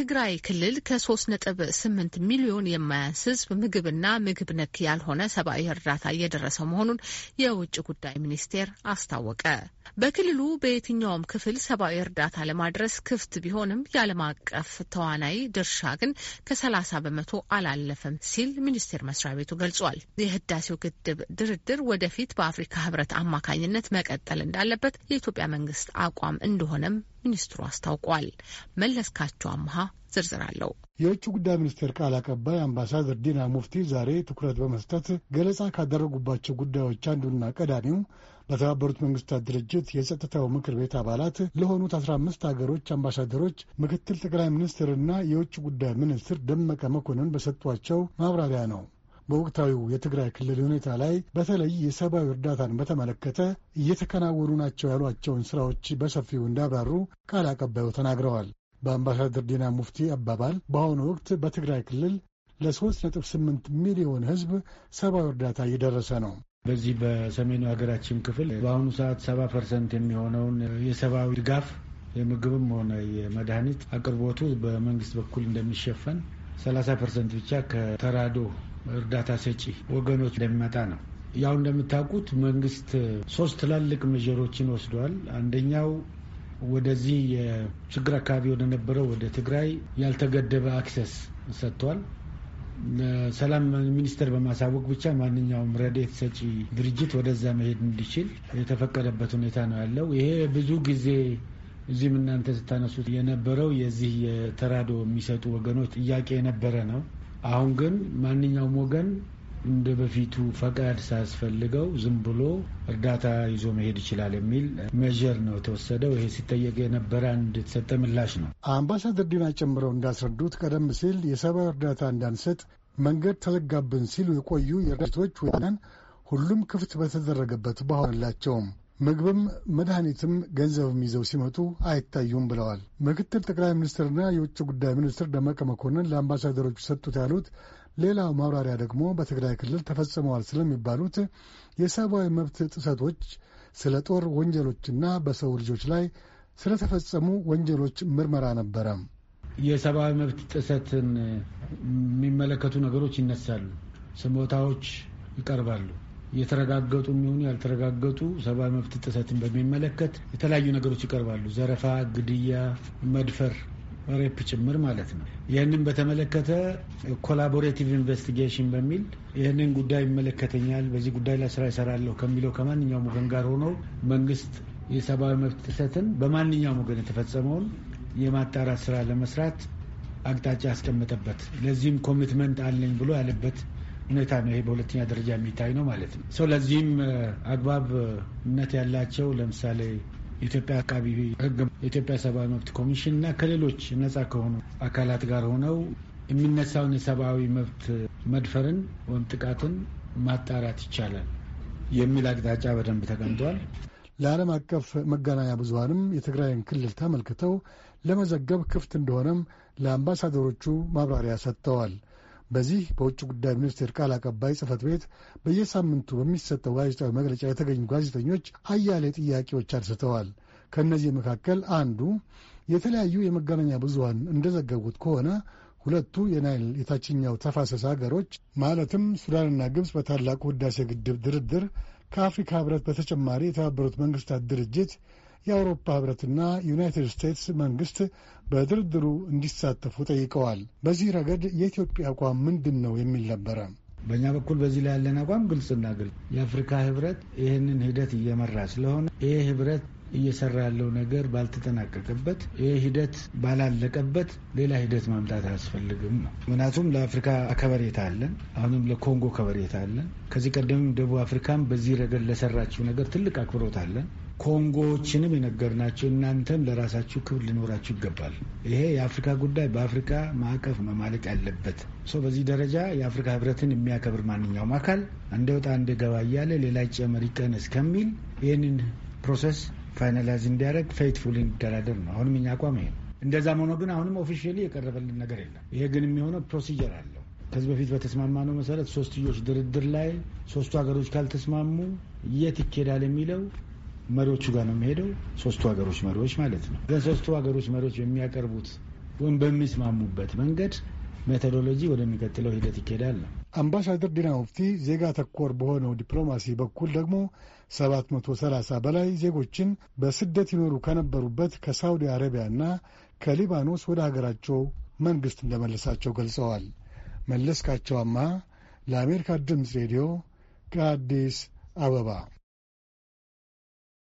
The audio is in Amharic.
በትግራይ ክልል ከ3.8 ሚሊዮን የማያንስ ሕዝብ ምግብና ምግብ ነክ ያልሆነ ሰብአዊ እርዳታ እየደረሰ መሆኑን የውጭ ጉዳይ ሚኒስቴር አስታወቀ። በክልሉ በየትኛውም ክፍል ሰብአዊ እርዳታ ለማድረስ ክፍት ቢሆንም የዓለም አቀፍ ተዋናይ ድርሻ ግን ከ30 በመቶ አላለፈም ሲል ሚኒስቴር መስሪያ ቤቱ ገልጿል። የህዳሴው ግድብ ድርድር ወደፊት በአፍሪካ ህብረት አማካኝነት መቀጠል እንዳለበት የኢትዮጵያ መንግስት አቋም እንደሆነም ሚኒስትሩ አስታውቋል። መለስካቸው አምሃ ዝርዝር አለው። የውጭ ጉዳይ ሚኒስቴር ቃል አቀባይ አምባሳደር ዲና ሙፍቲ ዛሬ ትኩረት በመስጠት ገለጻ ካደረጉባቸው ጉዳዮች አንዱና ቀዳሚው በተባበሩት መንግስታት ድርጅት የጸጥታው ምክር ቤት አባላት ለሆኑት አስራ አምስት ሀገሮች አምባሳደሮች ምክትል ጠቅላይ ሚኒስትርና የውጭ ጉዳይ ሚኒስትር ደመቀ መኮንን በሰጧቸው ማብራሪያ ነው። በወቅታዊው የትግራይ ክልል ሁኔታ ላይ በተለይ የሰብአዊ እርዳታን በተመለከተ እየተከናወኑ ናቸው ያሏቸውን ስራዎች በሰፊው እንዳብራሩ ቃል አቀባዩ ተናግረዋል። በአምባሳደር ዲና ሙፍቲ አባባል በአሁኑ ወቅት በትግራይ ክልል ለ3.8 ሚሊዮን ህዝብ ሰብአዊ እርዳታ እየደረሰ ነው። በዚህ በሰሜኑ ሀገራችን ክፍል በአሁኑ ሰዓት 70 ፐርሰንት የሚሆነውን የሰብአዊ ድጋፍ የምግብም ሆነ የመድኃኒት አቅርቦቱ በመንግስት በኩል እንደሚሸፈን 30 ፐርሰንት ብቻ ከተራዶ እርዳታ ሰጪ ወገኖች እንደሚመጣ ነው። ያው እንደምታውቁት መንግስት ሶስት ትላልቅ መጀሮችን ወስዷል። አንደኛው ወደዚህ የችግር አካባቢ ወደነበረው ወደ ትግራይ ያልተገደበ አክሰስ ሰጥቷል። ለሰላም ሚኒስቴር በማሳወቅ ብቻ ማንኛውም ረዴት ሰጪ ድርጅት ወደዛ መሄድ እንዲችል የተፈቀደበት ሁኔታ ነው ያለው። ይሄ ብዙ ጊዜ እዚህም እናንተ ስታነሱት የነበረው የዚህ የተራዶ የሚሰጡ ወገኖች ጥያቄ የነበረ ነው። አሁን ግን ማንኛውም ወገን እንደ በፊቱ ፈቃድ ሳያስፈልገው ዝም ብሎ እርዳታ ይዞ መሄድ ይችላል የሚል ሜዥር ነው የተወሰደው። ይሄ ሲጠየቅ የነበረ አንድ የተሰጠ ምላሽ ነው። አምባሳደር ዲና ጨምረው እንዳስረዱት ቀደም ሲል የሰብአዊ እርዳታ እንዳንሰጥ መንገድ ተዘጋብን ሲሉ የቆዩ የእርዳቶች ሁሉም ክፍት በተደረገበት ባይሆንላቸውም ምግብም መድኃኒትም ገንዘብም ይዘው ሲመጡ አይታዩም ብለዋል። ምክትል ጠቅላይ ሚኒስትርና የውጭ ጉዳይ ሚኒስትር ደመቀ መኮንን ለአምባሳደሮቹ ሰጡት ያሉት ሌላው ማብራሪያ ደግሞ በትግራይ ክልል ተፈጽመዋል ስለሚባሉት የሰብአዊ መብት ጥሰቶች፣ ስለ ጦር ወንጀሎችና በሰው ልጆች ላይ ስለተፈጸሙ ወንጀሎች ምርመራ ነበረ። የሰብአዊ መብት ጥሰትን የሚመለከቱ ነገሮች ይነሳሉ፣ ስሞታዎች ይቀርባሉ። የተረጋገጡ የሚሆኑ ያልተረጋገጡ ሰብአዊ መብት ጥሰትን በሚመለከት የተለያዩ ነገሮች ይቀርባሉ። ዘረፋ፣ ግድያ፣ መድፈር ሬፕ ጭምር ማለት ነው። ይህንን በተመለከተ ኮላቦሬቲቭ ኢንቨስቲጌሽን በሚል ይህንን ጉዳይ ይመለከተኛል፣ በዚህ ጉዳይ ላይ ስራ ይሰራለሁ ከሚለው ከማንኛውም ወገን ጋር ሆኖ መንግስት የሰብአዊ መብት ጥሰትን በማንኛውም ወገን የተፈጸመውን የማጣራት ስራ ለመስራት አቅጣጫ ያስቀመጠበት ለዚህም ኮሚትመንት አለኝ ብሎ ያለበት ሁኔታ ነው። ይሄ በሁለተኛ ደረጃ የሚታይ ነው ማለት ነው። ሰው ለዚህም uh, አግባብነት ያላቸው ለምሳሌ የኢትዮጵያ አቃቢ ሕግ የኢትዮጵያ ሰብአዊ መብት ኮሚሽን እና ከሌሎች ነጻ ከሆኑ አካላት ጋር ሆነው የሚነሳውን የሰብአዊ መብት መድፈርን ወይም ጥቃትን ማጣራት ይቻላል የሚል አቅጣጫ በደንብ ተቀምጧል። ለዓለም አቀፍ መገናኛ ብዙሀንም የትግራይን ክልል ተመልክተው ለመዘገብ ክፍት እንደሆነም ለአምባሳደሮቹ ማብራሪያ ሰጥተዋል። በዚህ በውጭ ጉዳይ ሚኒስቴር ቃል አቀባይ ጽህፈት ቤት በየሳምንቱ በሚሰጠው ጋዜጣዊ መግለጫ የተገኙ ጋዜጠኞች አያሌ ጥያቄዎች አንስተዋል። ከእነዚህ መካከል አንዱ የተለያዩ የመገናኛ ብዙሀን እንደዘገቡት ከሆነ ሁለቱ የናይል የታችኛው ተፋሰስ ሀገሮች ማለትም ሱዳንና ግብፅ በታላቁ ህዳሴ ግድብ ድርድር ከአፍሪካ ህብረት በተጨማሪ የተባበሩት መንግስታት ድርጅት የአውሮፓ ህብረትና ዩናይትድ ስቴትስ መንግስት በድርድሩ እንዲሳተፉ ጠይቀዋል። በዚህ ረገድ የኢትዮጵያ አቋም ምንድን ነው የሚል ነበረ። በእኛ በኩል በዚህ ላይ ያለን አቋም ግልጽና ግልጽ፣ የአፍሪካ ህብረት ይህንን ሂደት እየመራ ስለሆነ ይህ ህብረት እየሰራ ያለው ነገር ባልተጠናቀቀበት፣ ይህ ሂደት ባላለቀበት ሌላ ሂደት ማምጣት አያስፈልግም ነው። ምክንያቱም ለአፍሪካ ከበሬታ አለን። አሁንም ለኮንጎ ከበሬታ አለን። ከዚህ ቀደም ደቡብ አፍሪካም በዚህ ረገድ ለሰራችው ነገር ትልቅ አክብሮት አለን። ኮንጎዎችንም የነገርናቸው እናንተም ለራሳችሁ ክብር ሊኖራችሁ ይገባል። ይሄ የአፍሪካ ጉዳይ በአፍሪካ ማዕቀፍ መማለቅ ያለበት ሰው በዚህ ደረጃ የአፍሪካ ሕብረትን የሚያከብር ማንኛውም አካል አንድ ወጣ አንድ ገባ እያለ ሌላ ጨመር ይቀን እስከሚል ይህንን ፕሮሰስ ፋይናላይዝ እንዲያደርግ ፌትፉል እንዲደራደር ነው። አሁንም እኛ አቋም ይሄ ነው። እንደዛም ሆኖ ግን አሁንም ኦፊሽሊ የቀረበልን ነገር የለም። ይሄ ግን የሚሆነው ፕሮሲጀር አለው። ከዚህ በፊት በተስማማነው መሰረት ሶስትዮሽ ድርድር ላይ ሶስቱ ሀገሮች ካልተስማሙ የት ይኬዳል የሚለው መሪዎቹ ጋር ነው የሚሄደው። ሶስቱ ሀገሮች መሪዎች ማለት ነው። ሶስቱ ሀገሮች መሪዎች በሚያቀርቡት ወይም በሚስማሙበት መንገድ ሜቶዶሎጂ ወደሚቀጥለው ሂደት ይካሄዳል ነው። አምባሳደር ዲና ሙፍቲ ዜጋ ተኮር በሆነው ዲፕሎማሲ በኩል ደግሞ 730 በላይ ዜጎችን በስደት ይኖሩ ከነበሩበት ከሳውዲ አረቢያና ከሊባኖስ ወደ ሀገራቸው መንግሥት እንደመለሳቸው ገልጸዋል። መለስካቸው አማ ለአሜሪካ ድምፅ ሬዲዮ ከአዲስ አበባ